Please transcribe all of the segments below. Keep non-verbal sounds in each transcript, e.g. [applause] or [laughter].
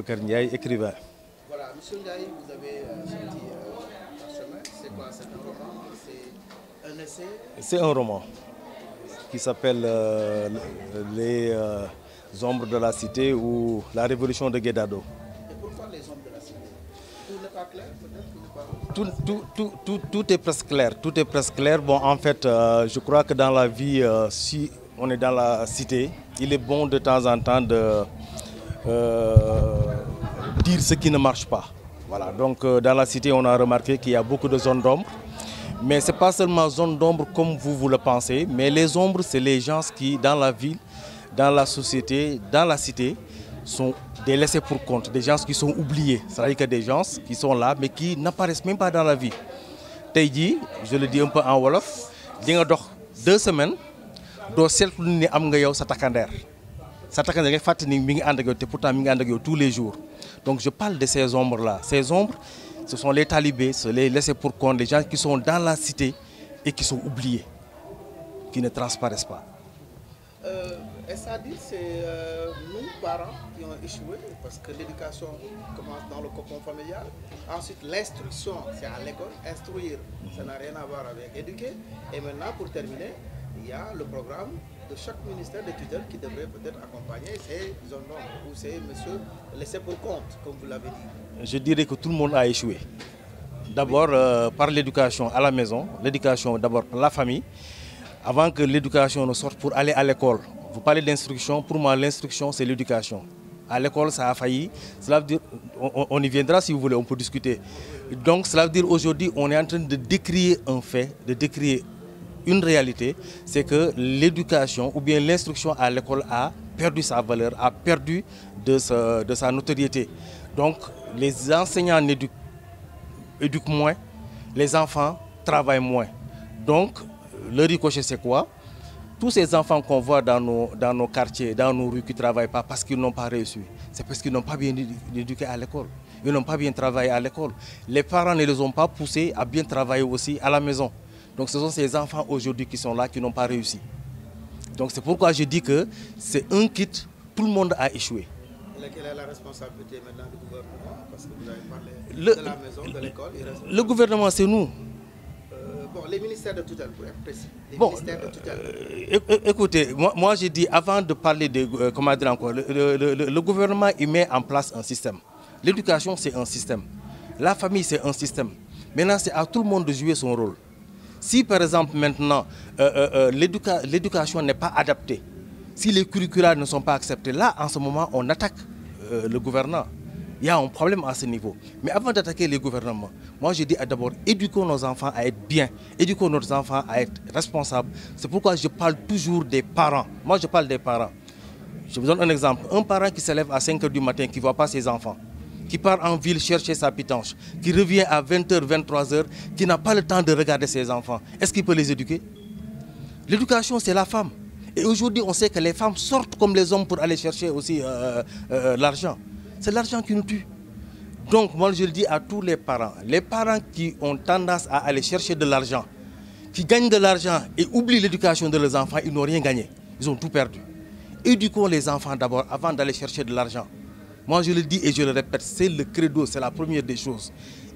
Babacar Ndiaye, écrivain. Voilà, Monsieur Ndiaye, vous avez euh, sorti euh, C'est quoi C'est un roman C'est un essai C'est un roman qui s'appelle euh, Les euh, ombres de la cité ou La révolution de Guédado. Et pourquoi les ombres de la cité Tout n'est pas clair tout, tout, tout, tout, est presque clair. Tout est presque clair. Bon, en fait, euh, je crois que dans la vie, euh, si on est dans la cité, il est bon de temps en temps de euh, dire ce qui ne marche pas. Voilà, donc euh, dans la cité, on a remarqué qu'il y a beaucoup de zones d'ombre. Mais ce n'est pas seulement zone d'ombre comme vous, vous le pensez, mais les ombres, c'est les gens qui, dans la ville, dans la société, dans la cité, sont délaissés pour compte, des gens qui sont oubliés. C'est-à-dire que des gens qui sont là, mais qui n'apparaissent même pas dans la vie. Taïdi, je le dis un peu en Wolof, il y a deux semaines, il y a semaines, ça t'a rien fait ni pourtant tous les jours donc je parle de ces ombres là ces ombres ce sont les talibés ce sont les laissés pour compte les gens qui sont dans la cité et qui sont oubliés qui ne transparaissent pas. Euh, et ça dit c'est euh, nous parents qui ont échoué parce que l'éducation commence dans le cocon familial ensuite l'instruction c'est à l'école instruire ça n'a rien à voir avec éduquer et maintenant pour terminer il y a le programme chaque ministère de qui devrait peut-être accompagner ces hommes ou ces messieurs pour compte, comme vous l'avez dit Je dirais que tout le monde a échoué. D'abord euh, par l'éducation à la maison, l'éducation d'abord par la famille, avant que l'éducation ne sorte pour aller à l'école. Vous parlez d'instruction, pour moi l'instruction c'est l'éducation. À l'école ça a failli, cela veut dire, on, y viendra si vous voulez, on peut discuter. Donc cela veut dire aujourd'hui on est en train de décrire un fait, de décrier une réalité, c'est que l'éducation ou bien l'instruction à l'école a perdu sa valeur, a perdu de sa, notoriété. Donc les enseignants éduquent, moins, les enfants travaillent moins. Donc le ricochet c'est quoi tous ces enfants qu'on voit dans nos, dans nos quartiers, dans nos rues qui ne travaillent pas parce qu'ils n'ont pas réussi, c'est parce qu'ils n'ont pas bien éduqué à l'école. Ils n'ont pas bien travaillé à l'école. Les parents ne les ont pas poussés à bien travailler aussi à la maison. Donc ce sont ces enfants aujourd'hui qui sont là, qui n'ont pas réussi. Donc c'est pourquoi je dis que c'est un kit, tout le monde a échoué. Et quelle est la responsabilité maintenant du gouvernement Parce que vous avez parlé de la maison, de l'école. Le, gouvernement, c'est nous. Euh, bon, les ministères de tutelle, pour être précis. Les bon, ministères de tutelle. Euh, écoutez, moi, j'ai dit, avant de parler de, euh, comment dire encore, le, le, gouvernement, il met en place un système. L'éducation, c'est un système. La famille, c'est un système. Maintenant, c'est à tout le monde de jouer son rôle. Si par exemple maintenant euh, euh, euh, l'éducation n'est pas adaptée, si les curricula ne sont pas acceptés, là en ce moment on attaque le gouvernement. Il y a un problème à ce niveau. Mais avant d'attaquer les gouvernements, moi je dis d'abord éduquons nos enfants à être bien, éduquons nos enfants à être responsables. C'est pourquoi je parle toujours des parents. Moi je parle des parents. Je vous donne un exemple. Un parent qui s'élève à 5h du matin, qui ne voit pas ses enfants, qui part en ville chercher sa pitanche, qui revient à 20h, 23h, qui n'a pas le temps de regarder ses enfants, est-ce qu'il peut les éduquer L'éducation, c'est la femme. Et aujourd'hui, on sait que les femmes sortent comme les hommes pour aller chercher aussi euh, euh, l'argent. C'est l'argent qui nous tue. Donc, moi, je le dis à tous les parents. Les parents qui ont tendance à aller chercher de l'argent, qui gagnent de l'argent et oublient l'éducation de leurs enfants, ils n'ont rien gagné. Ils ont tout perdu. Éduquons les enfants d'abord avant d'aller chercher de l'argent. Moi, je le dis et je le répète, c'est le credo, c'est la première des choses.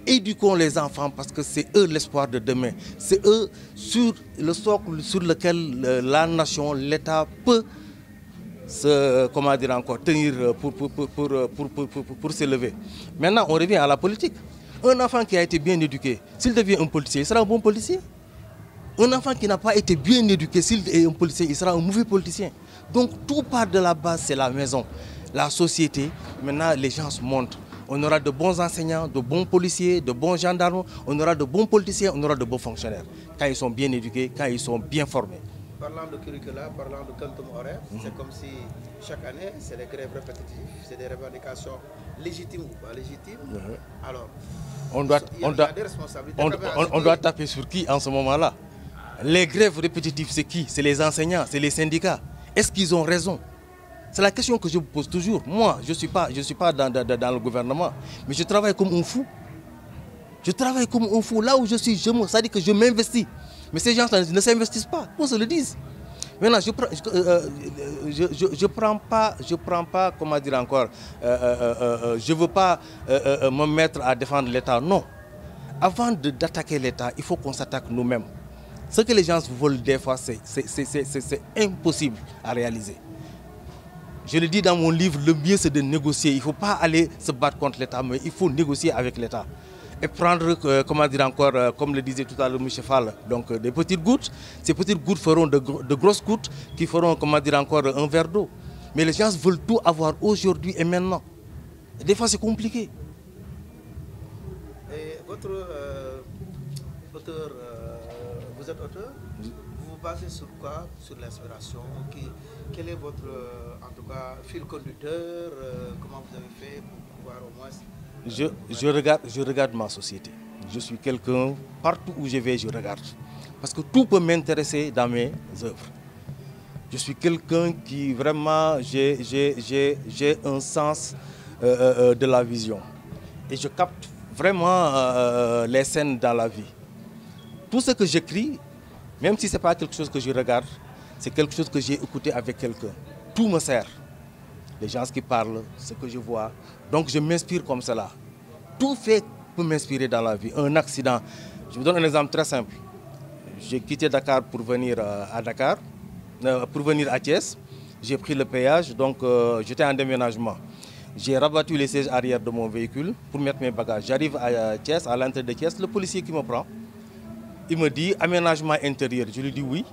Éduquons les enfants parce que c'est eux l'espoir de demain. C'est eux sur le socle sur lequel euh, la nation, l'État peut se, euh, comment dire encore, tenir euh, pour, pour, pour, pour s'élever. Maintenant, on revient à la politique. Un enfant qui a été bien éduqué, s'il devient un policier, il sera un bon policier. Un enfant qui n'a pas été bien éduqué, s'il est un policier, il sera un mauvais policier. Donc tout part de la base, c'est la maison la société, maintenant les gens se montrent. On aura de bons enseignants, de bons policiers, de bons gendarmes, on aura de bons politiciens, on aura de bons fonctionnaires. Quand ils sont bien éduqués, quand ils sont bien formés. Parlant de curricula, parlant de quantum horaire, mhm. c'est comme si chaque année, c'est des grèves répétitives, c'est des revendications légitimes ou pas légitimes. Mhm. Alors, on doit, on doit, des responsabilités. on doit taper sur qui en ce moment-là Les grèves répétitives, c'est qui C'est les enseignants, c'est les syndicats. Est-ce qu'ils ont raison c'est la question que je vous pose toujours. Moi, je ne suis pas, je suis pas dans, le gouvernement, mais je travaille comme un fou. Je travaille comme un fou. Là où je suis, je, ça dire que je m'investis. Mais ces gens ne s'investissent pas, qu'on se le dise. Maintenant, je ne euh, euh, je, prends pas, je prends pas, comment dire encore, euh, je ne veux pas me mettre à défendre l'État. Non. Avant d'attaquer l'État, il faut qu'on s'attaque nous-mêmes. Ce que les gens veulent des fois, c'est impossible à réaliser. Je le dis dans mon livre, le mieux c'est de négocier. Il ne faut pas aller se battre contre l'État, mais il faut négocier avec l'État. Et prendre, euh, comment dire encore, euh, comme le disait tout à l'heure M. Fall, donc euh, des petites gouttes. Ces petites gouttes feront de, grosses gouttes qui feront, comment dire encore, un verre d'eau. Mais les gens veulent tout avoir aujourd'hui et maintenant. des fois c'est compliqué. Et votre auteur, vous êtes auteur Vous vous basez sur quoi Sur l'inspiration quel est votre euh, fil conducteur euh, Comment vous avez fait pour pouvoir au moins... Je, je, regarde, je regarde ma société. Je suis quelqu'un, partout où je vais, je regarde. Parce que tout peut m'intéresser dans mes œuvres. Je suis quelqu'un qui vraiment, j'ai un sens euh, de la vision. Et je capte vraiment les scènes dans la vie. Tout ce que j'écris, même si ce n'est pas quelque chose que je regarde, c'est quelque chose que j'ai écouté avec quelqu'un. Tout me sert. Les gens qui parlent, ce que je vois. Donc je m'inspire comme cela. Tout fait pour m'inspirer dans la vie. Un accident. Je vous donne un exemple très simple. J'ai quitté Dakar pour venir euh, à Dakar, euh, pour venir à Thiès. J'ai pris le péage, donc euh, j'étais en déménagement. J'ai rabattu les sièges arrière de mon véhicule pour mettre mes bagages. J'arrive à Thiès, à l'entrée de Thiès, le policier qui me prend, il me dit aménagement intérieur. Je lui dis oui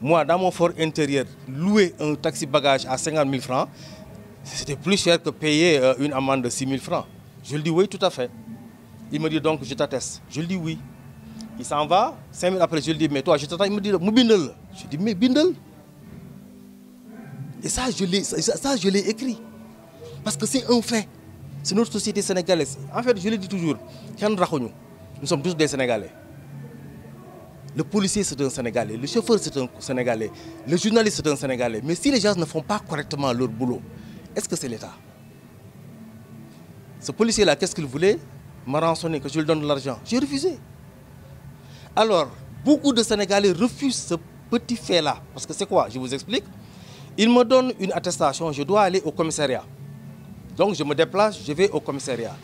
moi, dans mon fort intérieur, louer un taxi bagage à 50 000 francs, c'était plus cher que payer euh, une amende de 6 000 francs. Je lui dis oui, tout à fait. Il me dit donc, je t'atteste. Je lui dis oui. Il s'en va. 5 minutes après, je lui dis, mais toi, je t'attends. Il me dit, bindel. Je lui dis, mais bindel. Et ça, je l'ai écrit. Parce que c'est un fait. C'est notre société sénégalaise. En fait, je le dis toujours, nous sommes tous des Sénégalais. Le policier, c'est un Sénégalais. Le chauffeur, c'est un Sénégalais. Le journaliste, c'est un Sénégalais. Mais si les gens ne font pas correctement leur boulot, est-ce que c'est l'État Ce policier-là, qu'est-ce qu'il voulait M'a rançonné, que je lui donne de l'argent. J'ai refusé. Alors, beaucoup de Sénégalais refusent ce petit fait-là. Parce que c'est quoi Je vous explique. Il me donne une attestation, je dois aller au commissariat. Donc je me déplace, je vais au commissariat.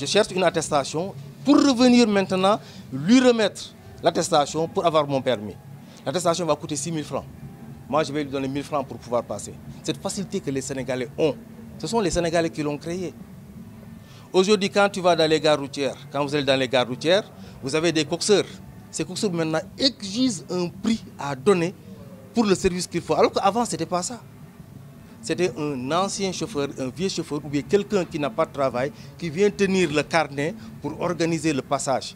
Je cherche une attestation pour revenir maintenant, lui remettre l'attestation pour avoir mon permis. L'attestation va coûter 6 000 francs. Moi, je vais lui donner 1 000 francs pour pouvoir passer. Cette facilité que les Sénégalais ont, ce sont les Sénégalais qui l'ont créée. Aujourd'hui, quand tu vas dans les gares routières, quand vous allez dans les gares routières, vous avez des coxeurs. Ces coxeurs maintenant exigent un prix à donner pour le service qu'il faut. Alors qu'avant, ce n'était pas ça. C'était un ancien chauffeur, un vieux chauffeur ou bien quelqu'un qui n'a pas de travail, qui vient tenir le carnet pour organiser le passage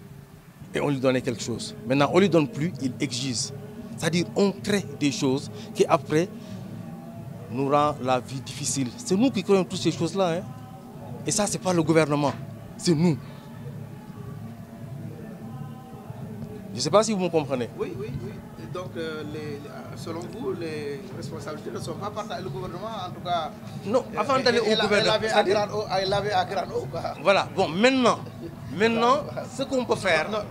et on lui donnait quelque chose. Maintenant, on ne lui donne plus, il exige. C'est-à-dire, on crée des choses qui, après, nous rend la vie difficile. C'est nous qui créons toutes ces choses-là. Hein. Et ça, ce n'est pas le gouvernement, c'est nous. Je ne sais pas si vous me comprenez. Oui, oui, oui. donc, euh, selon vous, les responsabilités ne sont pas partagées. Le gouvernement, en tout cas. Non, euh, avant d'aller au gouvernement. Il avait à Grano. Voilà, bon, maintenant, Maintenant, ce qu'on peut faire. Ah.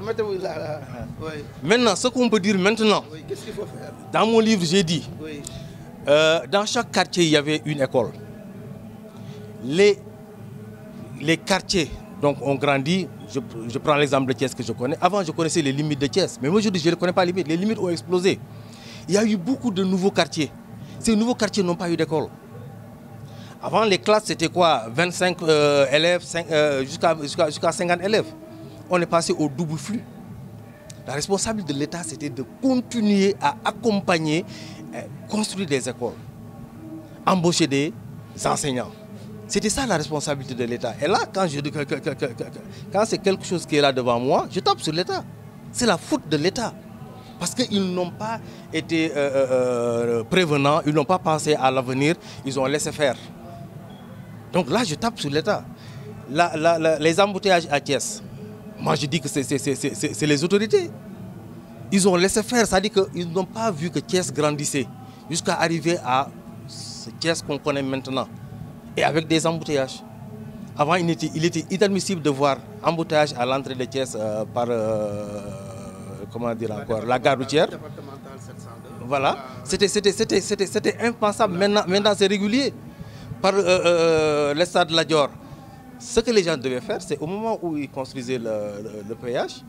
Maintenant, ce qu'on peut dire maintenant. Dans mon livre, j'ai dit euh, dans chaque quartier, il y avait une école. Les, les quartiers donc on grandit. Je, je prends l'exemple de Thiès que je connais. Avant, je connaissais les limites de Thiès, mais aujourd'hui, je ne connais pas les limites. Les limites ont explosé. Il y a eu beaucoup de nouveaux quartiers. Ces nouveaux quartiers n'ont pas eu d'école. Avant, les classes, c'était quoi 25 euh, élèves, euh, jusqu'à 50 élèves. On est passé au double flux. La responsabilité de l'État, c'était de continuer à accompagner, euh, construire des écoles, embaucher des enseignants. C'était ça la responsabilité de l'État. Et là, quand, je, quand c'est quelque chose qui est là devant moi, je tape sur l'État. C'est la faute de l'État parce qu'ils n'ont pas été prévenants, ils n'ont pas pensé à l'avenir, ils ont laissé faire. Donc là, je tape sur l'État. les embouteillages à Thiès, moi je dis que c'est les autorités. Ils ont laissé faire, ça dit dire qu'ils n'ont pas vu que Thiès grandissait jusqu'à arriver à ce Thiès qu'on connaît maintenant et avec des embouteillages. Avant, il était, il était inadmissible de voir embouteillage à l'entrée de Thiès euh, par euh, comment dire encore, la gare routière. Voilà, c'était impensable. Maintenant, maintenant c'est régulier par euh, euh de La Dior. Ce que les gens devaient faire, c'est au moment où ils construisaient le, péage,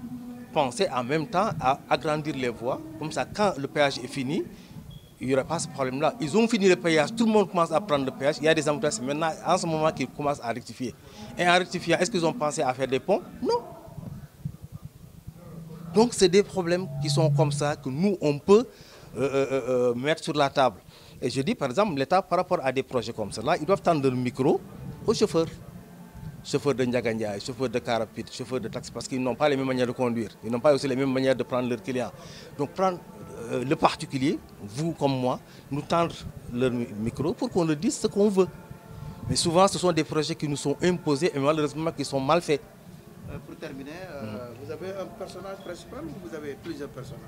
penser en même temps à agrandir les voies. Comme ça, quand le péage est fini, il n'y aura pas ce problème-là. Ils ont fini le péage, tout le monde commence à prendre le péage. Il y a des embouteillages, maintenant, en ce moment, qu'ils commencent à rectifier. Et en rectifiant, est-ce qu'ils ont pensé à faire des ponts Non. Donc, c'est des problèmes qui sont comme ça, que nous, on peut euh, euh, mettre sur la table. Et je dis, par exemple, l'État, par rapport à des projets comme cela, ils doivent tendre le micro aux chauffeurs. Chauffeurs de Ndiaganya, chauffeurs de Carapit, chauffeurs de taxi, parce qu'ils n'ont pas les mêmes manières de conduire. Ils n'ont pas aussi les mêmes manières de prendre leurs clients. Donc, prendre euh, le particulier, vous comme moi, nous tendre le micro pour qu'on leur dise ce qu'on veut. Mais souvent, ce sont des projets qui nous sont imposés et malheureusement qui sont mal faits. Euh, pour terminer, euh, mhm. vous avez un personnage principal ou vous avez plusieurs personnages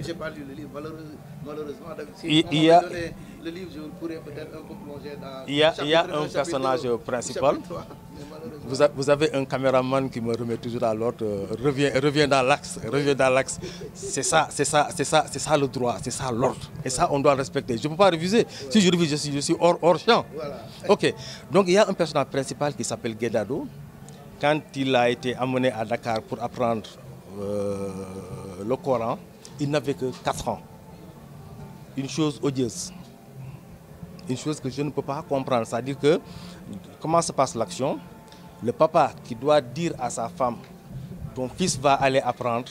j'ai pas lu le livre, malheureusement. Si il y a, le livre, je pourrais peut-être un peu plonger dans. Il y a, un personnage principal. vous, avez un caméraman qui me remet toujours à l'ordre. Euh, revient reviens, dans l'axe, revient dans l'axe. C'est ça, c'est ça, c'est ça, c'est ça le droit, c'est ça l'ordre. Et ça, on doit respecter. Je ne peux pas refuser. Si je refuse, je suis, hors, hors champ. Ok. Donc il y a un personnage principal qui s'appelle Guédadou. Quand il a été amené à Dakar pour apprendre euh, le Coran, il n'avait que 4 ans. Une chose odieuse. Une chose que je ne peux pas comprendre. C'est-à-dire que, comment se passe l'action Le papa qui doit dire à sa femme, ton fils va aller apprendre,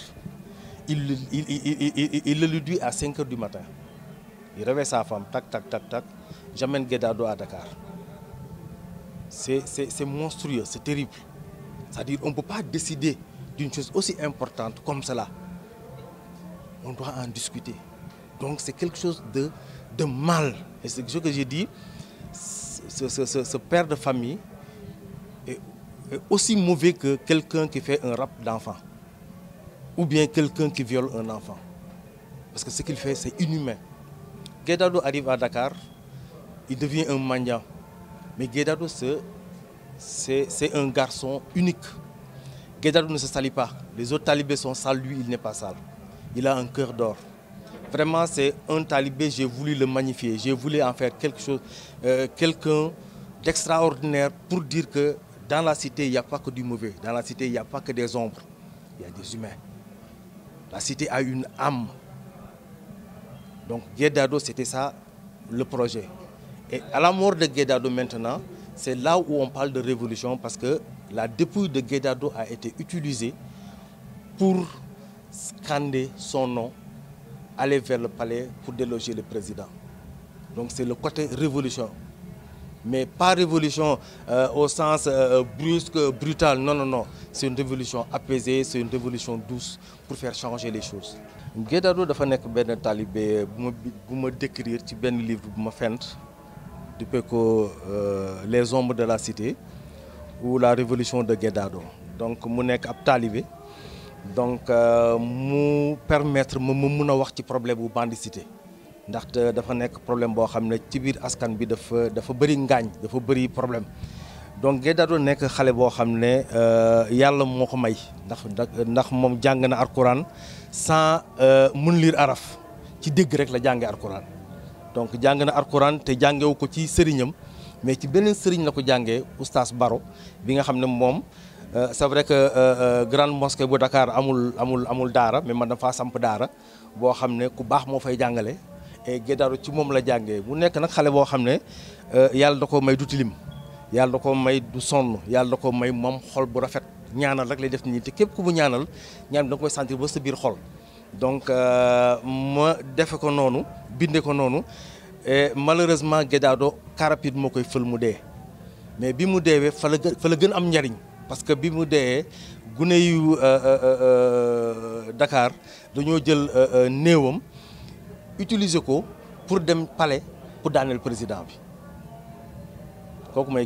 il, le lui dit à 5 h du matin. Il réveille sa femme, tac, tac, tac, tac, j'amène Guédardo à Dakar. C'est monstrueux, c'est terrible. C'est-à-dire qu'on ne peut pas décider d'une chose aussi importante comme cela on doit en discuter. Donc c'est quelque chose de, de mal. Et c'est ce que j'ai dit, ce, ce, père de famille est, aussi mauvais que quelqu'un qui fait un rap d'enfant. Ou bien quelqu'un qui viole un enfant. Parce que ce qu'il fait, c'est inhumain. Guédado arrive à Dakar, il devient un mania. Mais Guédado, c'est un garçon unique. Guédado ne se salit pas. Les autres talibés sont sales, lui, il n'est pas sale il a un cœur d'or. Vraiment, c'est un talibé, j'ai voulu le magnifier. J'ai voulu en faire quelque chose, euh, quelqu'un d'extraordinaire pour dire que dans la cité, il n'y a pas que du mauvais. Dans la cité, il n'y a pas que des ombres. Il y a des humains. La cité a une âme. Donc Guédado, c'était ça le projet. Et à la mort de Guédado maintenant, c'est là où on parle de révolution parce que la dépouille de Guédado a été utilisée pour scander son nom, aller vers le palais pour déloger le président. Donc c'est le côté révolution. Mais pas révolution euh, au sens euh, brusque, brutal. Non, non, non. C'est une révolution apaisée, c'est une révolution douce pour faire changer les choses. Guédaro dafa un talibé bu décrire ci un livre ma euh, Les ombres de la cité ou la révolution de Guédaro donc mu nekk talibé donc euh, mu permettre ma ma mun wax ci problème bu bandicité ndax dafa nek problème bo xamné ci bir askan bi dafa dafa bëri ngaañ dafa bëri problème donc Gaydar da do nek xalé bo xamné euh yalla moko may ndax ndax mom jang na alxuraan sans euh mun lire araf ci dégg rek la jangé alxuraan donc jang na té jangé wu ko ci sëriñam mais ci benen sëriñ la ko jangé oustaz Baro bi nga xamné mom euh, c'est vrai que euh, euh, grande mosquée de Dakar amul amul amul dara mais man dafa samp dara bo xamné ku bax mo fay jangalé et gédaru ci mom la jangé mu nek nak xalé bo xamné ne yàlla da may du tilim yalla dako may du sonn yalla dako may mom xol bu rafet ñaanal rek lay def nit te képp ku bu ñaanal ñaan da nga koy sentir ba sa bir xol donc ma defe ko nonu bindé ko nonu et malheureusement gédado carapide moo koy fël mu dé mais bi mu déwé fa la fa la gën am ñariñ parce que bi mu dee gune yu euh, euh, euh, Dakar dañu jël néewam utiliser ko pour dem palais pour Daniel président bi kooku mooy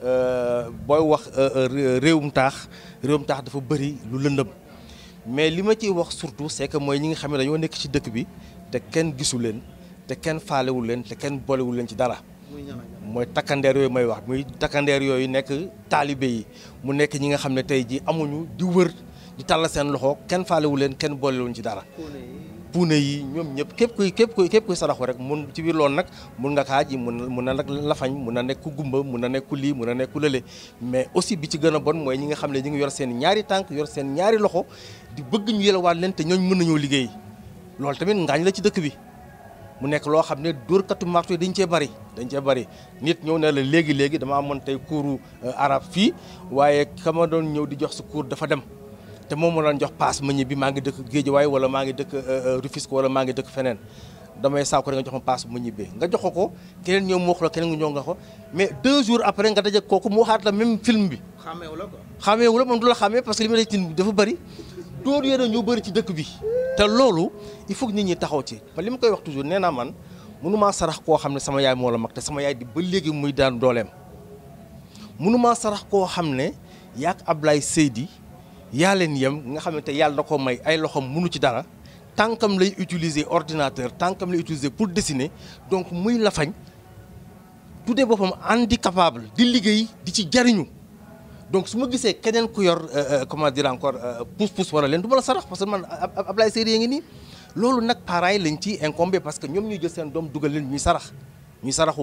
Euh, boy wax euh, euh, réewum tax réewum tax dafa bëri lu lëndëm mais lima ci wax surtout c'est que moy ñi nga xam ne dañoo nekk ci dëkk bi te kenn gisu leen te kenn faalewu leen te kenn boolewul leen ci dara moy takkandeer yooyu may wax muy takkandeer yooyu nekk taalibe yi mu nekk ñi nga xamné tay ji amuñu di wër di tàll seen loxo kenn faalewu leen kenn boolewuñ ci dara puune yi ñoom ñëpp képp kuy képp kuy sa kuy rek mun ci biir loolu nag mun nga xaaj yi mun mun na nag lafañ mun na nekk ku gumba mun na nekk ku lii mun na nekk mais aussi bi ci gën a bon mooy ñi nga xam ne ñi ngi yor seen ñaari tànk yor seen ñaari loxo di bëgg ñu yelwaat leen te ñooñ mën nañoo liggéey loolu tamit ngaañ la ci dëkk bi mu nekk loo xam ne dóorkatu marto yi dañ cee bari dañ cee bari nit ñëw ne la léegi-léegi dama amoon tey kuuru euh, arab fii waaye kama doon ñëw di jox si kuur dafa dem te moom moo daan jox paas ma ñibbi maa ngi dëkk Géejawaay wala maa ngi dëkk euh, euh, Rufisque wala maa ngi dëkk feneen damay saako rek nga jox ma paas ma ñibbee nga jox ko ko keneen ñëw mu wax la keneen nga ko mais deux jours après nga daje kooku mu waxaat la même film bi. xàmmeewu la ko xàmmeewu la moom du la xàmmee parce que li ma lay tin dafa bëri dóor yéen ñoo bëri ci dëkk bi te loolu i foog nit ñi taxaw ci man li ma koy wax toujours nee naa man munumaa sarax koo xam ne sama yaay moo la mag te sama yaay di ba léegi muy daan dooleem sarax koo xam ne yaak Ablaye Seydi yaa leen yem nga xamante yàlla da ko may ay loxoom mënu ci dara tànkam lay utiliser ordinateur tànkam lay utiliser pour dessiner donc muy la lafañ tuddee bopam handicapable di liggéey di ci jariñu donc suma ma kenen ku yor euh, euh, comment dire encore euh, pousse pousse wala len du ma sarax parce que man ablay Seydi ngi ni loolu nak parents lañ ci incombé parce que ñom ñu jël sen dom duggal len ñuy sarax ñuy saraxu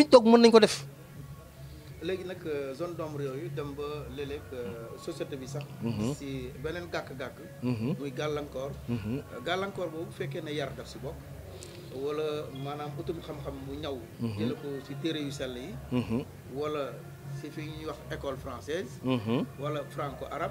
fi toog mën nañ ko def léegi nag zone d'ombre yooyu dem ba léeg-léeg société bi sax si beneen gak gak, muy gàllankoor gàllankoor bu, fekkee ne yar daf si bokk wala manam utum xam-xam bu ñaw jële ko si téere yu sell yi wala si fi ñuy wax école française wala franco arab.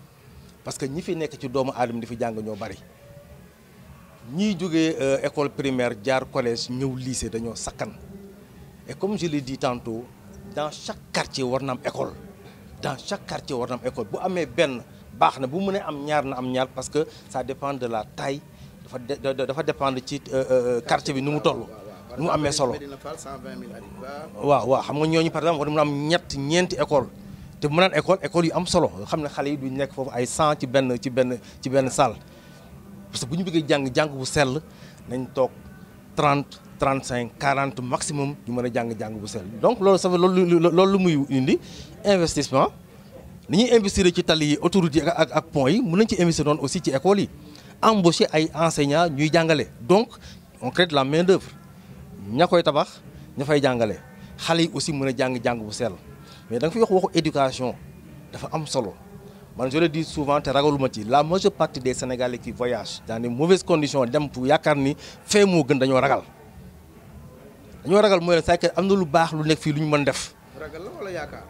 parce que ñi fi nekk ci doomu Les enfants fi ñoo bari ñiy euh, école primaire jaar collège ñëw lycée dañoo sakkan et comme je l'ai dit tantôt dans chaque quartier y a une école dans chaque quartier y a une école bu vous avez une bonne bu mënee am ñaar na am ñaar parce que ça dépend de la taille dafa dépend dépendre ci euh, euh, quartier bi nu mu toll nu mu amee solo waaw waaw xam nga ñooñu par exemple war am école te mu naan école école yi am solo xam ne xale yi duñ nekk foofu ay cent ci benn ci benn ci benn salle parce bu ñu bëggee jàng jàng bu sell nañ toog trente trente cinq quarante maximum ñu mën a jàng jàng bu sell donc loolu ça loolu loolu lu muy indi investissement ni ñuy investir ci tali yi autoroute yi ak ak pont yi mu nañ ci investir noonu aussi ci école yi embaucher ay enseignants ñuy jàngale donc on la main d'œuvre ña koy tabax ña fay jàngale xale yi aussi mën a jàng jàng bu sell. mais dans le wax éducation je le dis souvent la majeure partie des sénégalais qui voyagent dans de mauvaises conditions dem pour Yakarni font des gën ragal ragal de lu lu def. ragal la wala yaakaar.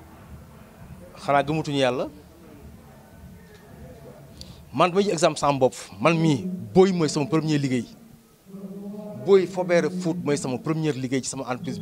choses un man exemple man premier c'est entreprise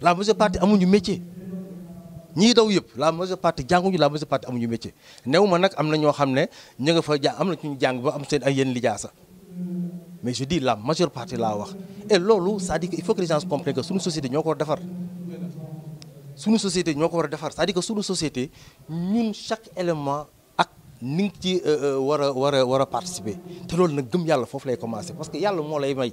la majeure partie amuñu métier ni daw yëpp la majeure partie jànguñu la majeure partie amuñu métier néew ma amna am na ñoo xam ne ñu nga fa jàng am ñu am ay mais je dis la majeure partie la wax et lolo, ça dit qu'il que il faut que les gens comprennent que une société ñoo ko war une société ñoo ko war Ça dit que sous dire société ñun chaque élément ak ni ci euh, euh, a war participer te loolu nag gëm yàlla foofu lay commencer parce que yàlla moo lay may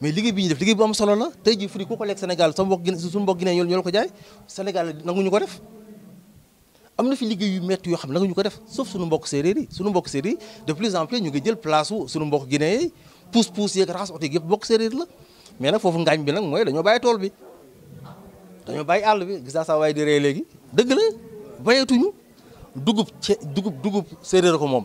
mais ligue bi def ligue bu am solo la tey ji fruit ku ko Sénégal sa mbok guiné suñu mbok guiné ñol ñol ko jaay Sénégal nanguñu ko def amna fi ligue yu metti yo xam ne nanguñu ko def sauf suñu mbok séréri yi suñu mbokk séeréer de plus en plus ñu ngi jël place wu suñu mbok guiné pousse pousse yeeg raxas oté yëpp mbok séréri la mais nag fofu ngañ bi nak moy dañu baye tol bi dañu baye all bi gis naa saa waaye di ree léegi deug la bayeetuñu dugub dugub dugub séréri ko mom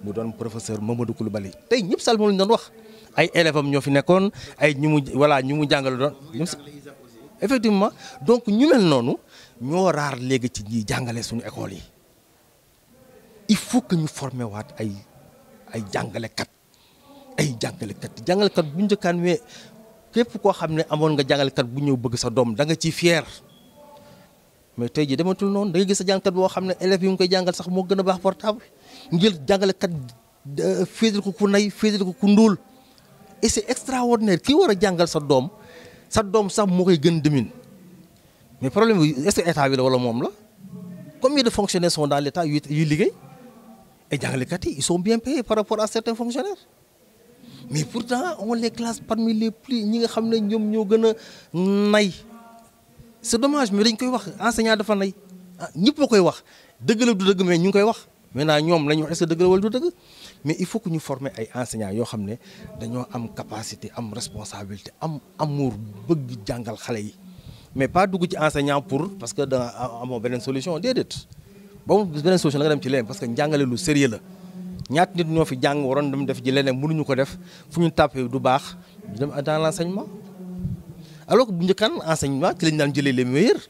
mu doon professeur Mamadou Koulibaly tey ñëpp Salma lu ñu doon wax ay élèves am ñoo fi nekkoon ay ñu mu voilà ñu mu jàngale doon. effectivement donc ñu mel noonu ñoo raar léegi ci ñiy jàngale suñu école yi il faut que ñu former waat ay ay jangal ay jàngalekat jàngalekat bu njëkkaan wee képp koo xam ne amoon nga jàngalekat bu ñëw bëgg sa doom da nga ciy fier. mais tey jii dematul noonu da ngay gis sa jàngkat boo xam ne élèves yi mu koy jàngal sax moo gën a portable jangale kat euh, féetal ko ku nay féetal ko ku ndóol et c'est extraordinaire ki wara a sa dom sa dom sa mo koy gën demin mais problème est-ce état bi la wala mom la combien de fonctionnaires sont dans l'état yu liguey et jangale kat ils sont bien payés par rapport à certains fonctionnaires mais pourtant on les classe parmi les plus ñi nga xamné ñom ñoo nay c'est dommage mais dañ koy wax enseignant dafa nay ñepp ah, ñëpp koy wax deug la du deug mais ñu koy wax mais il faut que nous formions des enseignants qui ont am capacité am responsabilité am amour pour jàngal des mais pas des enseignants pour parce que da a une solution on dit une solution parce que lu sérieux la gens nit ñoo fi jàng waroon nous def ji ko def fu ñu dans l'enseignement alors que bu njëkkaan enseignement ci les meilleurs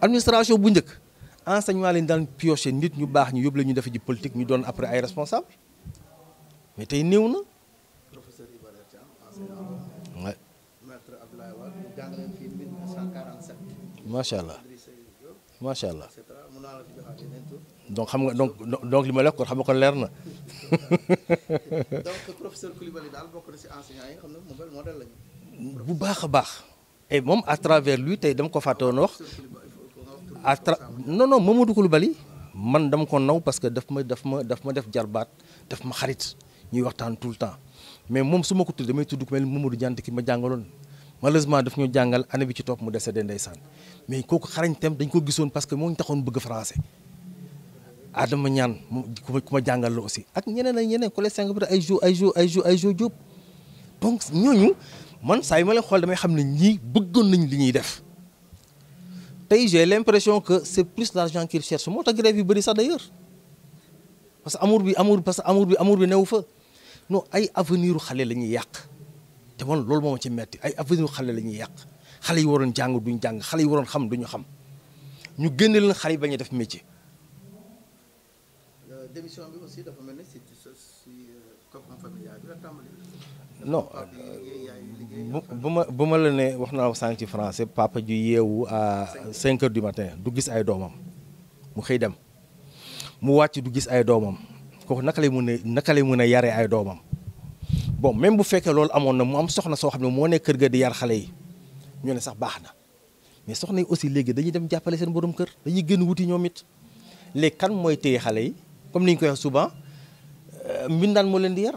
administration enseignement lañ dans piocher nit ñu bax ñu yóbbu la ñu defe ci politique ñu doon après ay responsable mais tay néew na. professeur Ibrahima enseignant ouais. maître Abdoulaye Wade ñu jàngale fi 1947. macha allah macha allah. donc xam nga donc donc li ma lekk xam ko kon leer na. [laughs] donc professeur Coulibaly daal bokk na ci enseignant yi nga xam ne moom lañu. bu baax a baax. et mom à travers lui tay dama ko fatone wax. Non, non non Mamadou Koulibaly man dama ko parce que daf ma daf ma daf ma tout le temps mais ko que damay malheureusement daf que je bi ci mu mais suis un dañ ko parce que je français. collège ay ay jours. donc ñooñu ne tey j'ai l'impression que c'est plus l'argent qu'ils cherchent moo tax grève yu bëri sax d'ailleurs parce que amour bi amour parce que amour bi amour bi newu fa non ay avenir xalé lañuy la té yàq te moma ci metti ay avenir xalé lañuy la xalé yi waroon jang duñ jang xalé yi waroon xam duñu xam ñu gënël na xalé bañu bañ a def métier. Euh, démission bi aussi dafa melni ni si si euh, coppite familiale bi la tàmbali. non. bu ma bu ma la ne wax naa ko sànq ci français papa ju yeewu à 5 du matin du gis ay doomam mu xëy dem mu wàcc du gis ay doomam kooku naka lay mun a naka lay mun a yare ay doomam bon même bu fekkee loolu amoon na mu am soxna soo xam ne moo ne kër ga di yar xale yi ñoo ne sax baax na mais soxna yi aussi léegi dañuy dem jàppale seen boroom kër dañuy gën wuti ñoom it léegi kan mooy téye xale yi comme ni ñu koy wax souvent euh, mbindaan moo leen di yar.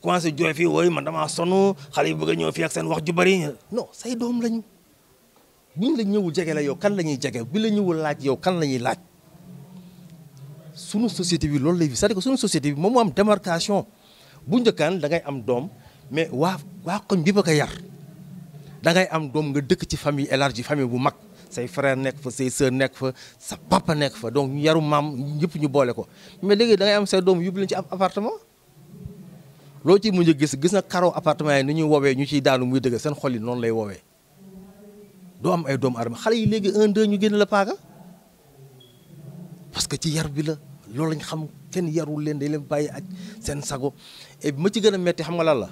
commencé jooy fii wooyu man damaa sonn xale yi bëgg a ñëw fii ak seen wax ju bari non say doom lañu buñ la ñëwul jege la yow kan la ñuy jege bi la ñëwul laaj yow kan la ñuy laaj sunu société bi loolu lay c'est-à-dire que sunu société bi moom mu am démarcation bu njëkkaan da ngay am doom mais waa waa koñ bi ba ko yar am doom nga dëkk ci famille élargie famille bu mag say frère nekk fa say sœur nekk fa sa papa nekk fa donc yaru maam ñëpp ñu boole ko mais léegi da am say doom yóbbu leen ci appartement loo ci mujj gis gis na karo appartement yi ni ñuy woowee ñu ciy daanu muy dëgg seen xol yi noonu lay woowee doo am ay doomu aadama xale yi léegi un ñu génne la paaga parce que ci yar bi la loolu lañ xam kenn yarul leen day leen bàyyi ak seen sago et ma ci gën a metti xam nga lan la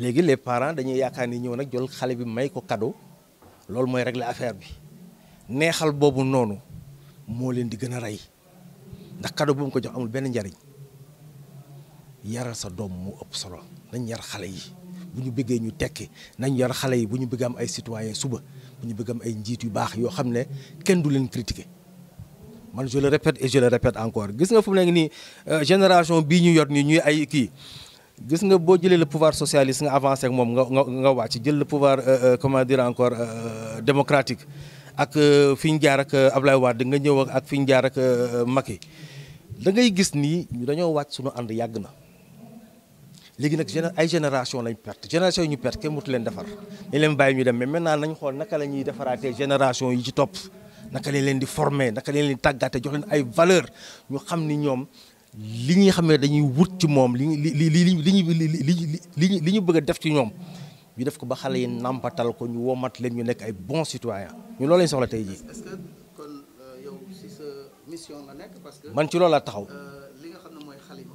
léegi les parents dañuy yaakaar ni ñëw nag jël xale bi may ko kado loolu mooy rek régler affaire bi neexal boobu noonu moo leen di gën a rey ndax cadeau bu mu ko jox amul benn njariñ yaral sa doom mu ëpp solo nañ yar xale yi bu ñu bëggee ñu tekki nañ yar xale yi bu ñu bëgg am ay citoyen suba bu ñu bëgg am ay njiit yu baax yoo xam ne kenn du leen critiquer man je le répète et je le répète encore gis nga fu mu nekk nii euh, génération bi ñu yor nii ñuy ay kii gis nga boo jëlee le pouvoir socialiste nga avancé ak moom nga nga nga wàcc jël le pouvoir euh, euh, comment dire encore démocratique ak fi ñu jaar ak waa Wade nga ñëw ak fi ñu jaar ak Macky da gis nii dañoo wàcc suñu ànd yàgg na. léegi nag ay génération lañ perte génération yi ñu perte kenn mënatu leen defar dañ leen bàyyi ñu dem mais maintenant nañ xool naka la ñuy defaraatee génération yi ci topp naka lañ leen di former naka lañ leen di tàggaatee jox leen ay valeur ñu xam ni ñoom li ñuy xam ne dañuy wut ci moom li li li li li li li ñu bëgg a def ci ñoom ñu def ko ba xale yi nàmpatal ko ñu womat leen ñu nekk ay bon citoyens ñu loolu lañ soxla tey jii. est-ce que kon euh, parce que. man ci loolu taxaw. Euh, li mooy xalima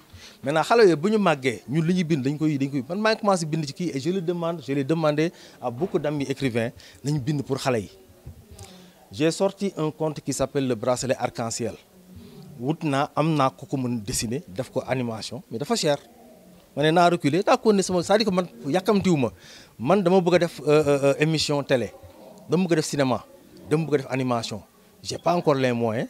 maintenant xale yooyu bu ñu màggee ñun li bind dañ koy dañ koy man maa commencé bind ci ki et je le demande je l'ai demandé à beaucoup d'amis écrivains nañ bind pour xalé yi j'ai sorti un conte qui s'appelle le bracelet arc-en-ciel wutna amna ko ko mën dessiner def ko animation mais dafa cher mané na reculer daa ko ne sama ça dit que man yàkkamtiwu ma man dama bëgg a def euh, euh, euh, émission télé dama bëgg def cinéma dama bëgg def animation j'ai pas encore les moyens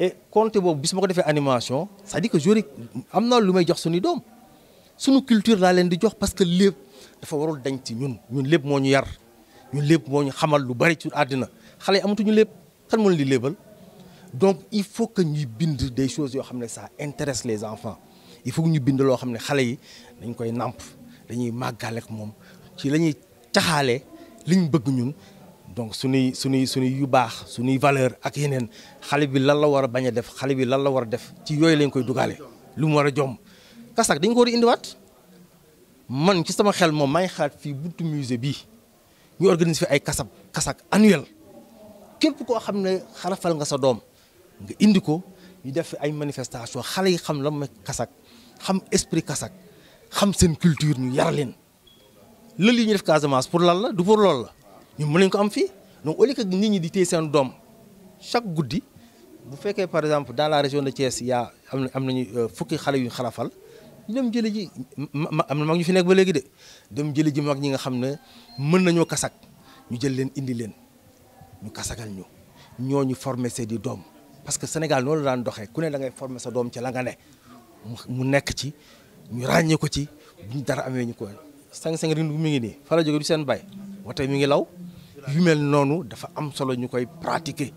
et quand on fait ko animation ça dit que jori amna naa lu may jox suñu dom suñu culture la di jox parce que lépp dafa warul dañ ñun ñun lepp yar ñun sont xamal lu bari ci adina xalé amatu ñu lepp li donc il faut que bind des choses yo ça intéresse les enfants il faut que ñu bind lo xamné xalé yi dañ koy namp dañuy mom donc suñuy suñuy suñuy yu baax suñuy valeur ak yeneen xale bi lan la war a bañ a def xale bi lan la war a def ci yooyu lañ koy dugaale lu mu war a jom Kassak dañ ko war a indiwaat man ci sama xel moom maa ngi fii buntu musée bii ñu organiser fi ay kasab kasak annuel képp koo xam ne xarafal nga sa doom nga indi ko ñu def ay manifestation xale yi xam la mooy Kassak xam esprit Kassak xam seen culture ñu yar leen lël yi ñu def Casamance pour lan la du loolu la. ñun mën nañ ko am fii donc au lieu que nit ñi di téye seen doom chaque guddi bu fekkee par exemple dans la région de Thiès yaa am na am nañu euh, fukki xale yu xalafal ñu dem jëli ji am na mag ñu fi nekk ba léegi de dem jëli ji mag ñi nga xam ne mën nañoo kasak ñu jël leen indi leen ñu kasagal ñu ñooñu former seen i doom parce que Sénégal noonu la daan doxee ku ne da ngay former sa doom ci la mu nekk ci ñu ràññee ko ci buñ dara amee ñu ko. sang sang rin mi ngi nii fa la jóge du seen bay wate mi ngi law. yu mel noonu dafa am solo ñu koy pratiquer